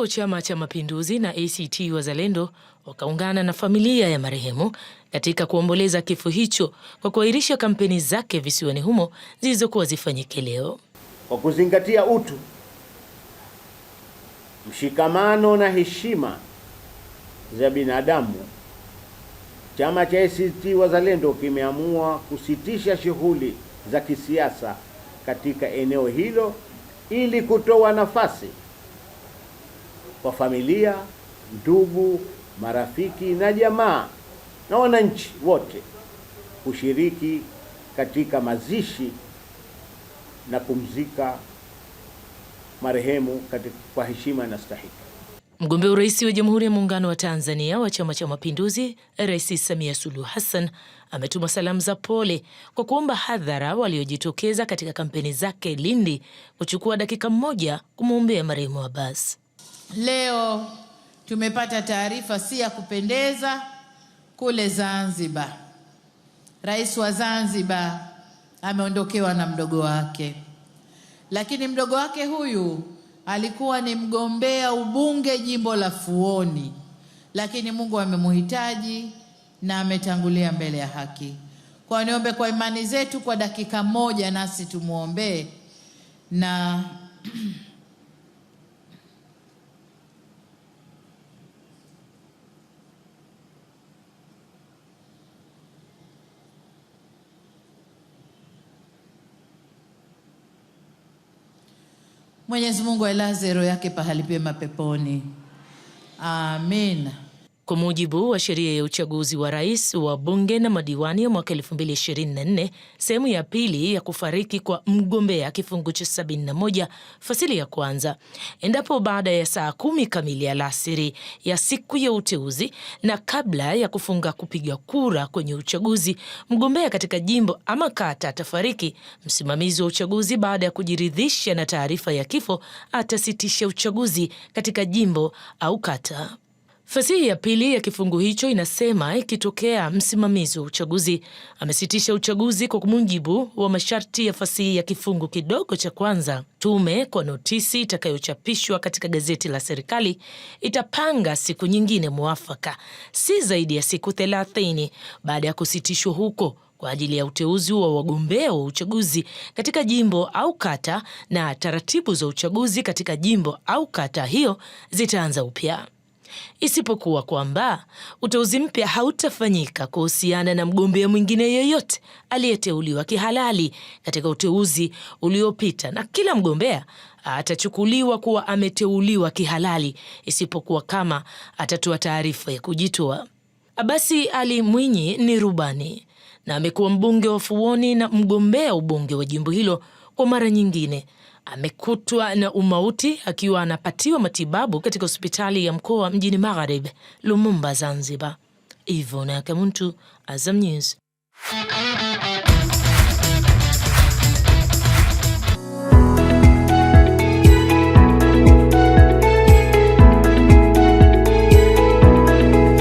ambapo Chama cha Mapinduzi na ACT Wazalendo wakaungana na familia ya marehemu katika kuomboleza kifo hicho kwa kuahirisha kampeni zake visiwani humo zilizokuwa zifanyike leo. Kwa kuzingatia utu, mshikamano na heshima za binadamu, chama cha ACT Wazalendo kimeamua kusitisha shughuli za kisiasa katika eneo hilo ili kutoa nafasi kwa familia, ndugu, marafiki na jamaa na wananchi wote kushiriki katika mazishi na kumzika marehemu kwa heshima inastahiki. Mgombea urais wa Jamhuri ya Muungano wa Tanzania wa Chama cha Mapinduzi, Rais Samia Suluhu Hassan ametuma salamu za pole kwa kuomba hadhara waliojitokeza katika kampeni zake Lindi kuchukua dakika moja kumwombea marehemu Abbas. Leo tumepata taarifa si ya kupendeza kule Zanzibar. Rais wa Zanzibar ameondokewa na mdogo wake, lakini mdogo wake huyu alikuwa ni mgombea ubunge jimbo la Fuoni, lakini Mungu amemhitaji na ametangulia mbele ya haki. Kwa niombe kwa imani zetu, kwa dakika moja nasi tumwombee na Mwenyezi Mungu ailaze roho yake pahali pema peponi. Amina. Kwa mujibu wa sheria ya uchaguzi wa rais wa bunge na madiwani ya mwaka 2024 sehemu ya pili ya kufariki kwa mgombea kifungu cha 71 fasili ya kwanza, endapo baada ya saa kumi kamili alasiri ya siku ya uteuzi na kabla ya kufunga kupiga kura kwenye uchaguzi, mgombea katika jimbo ama kata atafariki, msimamizi wa uchaguzi baada ya kujiridhisha na taarifa ya kifo atasitisha uchaguzi katika jimbo au kata. Fasihi ya pili ya kifungu hicho inasema ikitokea msimamizi wa uchaguzi amesitisha uchaguzi kwa mujibu wa masharti ya fasihi ya kifungu kidogo cha kwanza, tume kwa notisi itakayochapishwa katika gazeti la serikali itapanga siku nyingine mwafaka si zaidi ya siku thelathini baada ya kusitishwa huko kwa ajili ya uteuzi wa wagombea wa uchaguzi katika jimbo au kata, na taratibu za uchaguzi katika jimbo au kata hiyo zitaanza upya isipokuwa kwamba uteuzi mpya hautafanyika kuhusiana na mgombea mwingine yeyote aliyeteuliwa kihalali katika uteuzi uliopita, na kila mgombea atachukuliwa kuwa ameteuliwa kihalali isipokuwa kama atatoa taarifa ya kujitoa. Abasi Ali Mwinyi ni rubani na amekuwa mbunge wa Fuoni na mgombea ubunge wa jimbo hilo kwa mara nyingine amekutwa na umauti akiwa anapatiwa matibabu katika hospitali ya mkoa mjini Magharibi, Lumumba, Zanzibar. Ivona Kamuntu, Azam News.